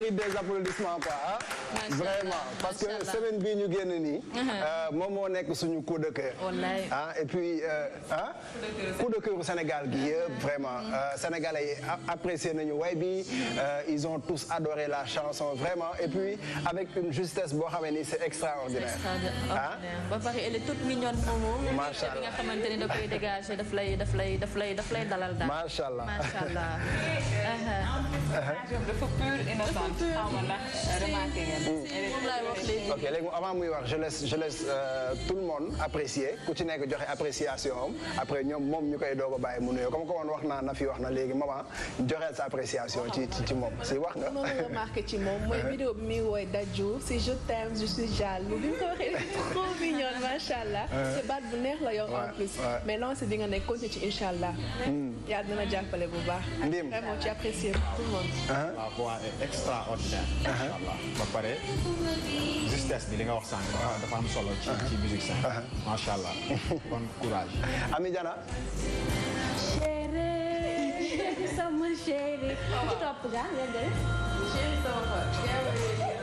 des applaudissements quoi ah parce que semaine bii ñu génn nii uh-huh. euh, moom moo nekk suñu coup de cœur ah et euh, coup de cœur au Sénégal gi yëpp uh-huh. vraiment uh-huh. Euh, Sénégalais yi apprécié nañu way bi ils ont tous adoré la chanson vraiment et puis avec une justesse boo xamee ni c'est extraordinaire ah ba pare elle est toute mignonne moomu macha allah bi nga xamante ni da koy daf lay dalal daal macha allah dafa pur innocent xaw ma ndax remarqué ngeen. ok léegi avant muy wax je laisse je laisse euh, tout le monde apprécier ku ci nekk joxe appréciation am après ñoom moom ñu koy doog a bàyyi mu nuyoo comme ko woon wax naa na fi wax na léegi maman joxeel sa appréciation ci ci moom si wax nga. ma remarqué ci moom mooy vidéo bi muy woy daju si je t'aime je suis jaloux bi mu ko waxee macha allah. te eh. baat bu neex la yow en plus. mais lancé bi nga nekk continué ci incha allah. Hmm. yaa dina jàppale bu baax. ndim vraiment ci apprécié tout le monde. waaw ah. waaw extraordinaire. Ah. incha allah ba pare justesse bi li nga wax sànq. Ah. dafa am solo ci ci musique sànq. macha allah bon courage. Ami Diana. chérie sama chérie. topp nga nga def. chérie sama